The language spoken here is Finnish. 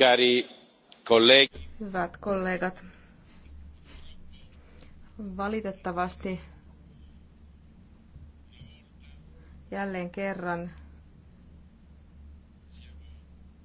Cari colleghi. Hyvät kollegat, valitettavasti jälleen kerran